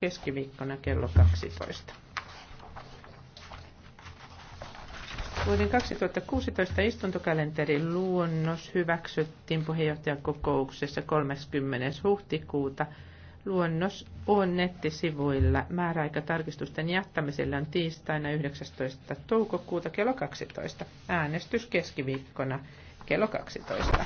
keskiviikkona kello 12. Vuoden 2016 istuntokalenterin luonnos hyväksyttiin puheenjohtajakokouksessa 30. huhtikuuta. Luonnos on nettisivuilla. Määräaikatarkistusten jättämisellä on tiistaina 19. toukokuuta kello 12. Äänestys keskiviikkona kello 12.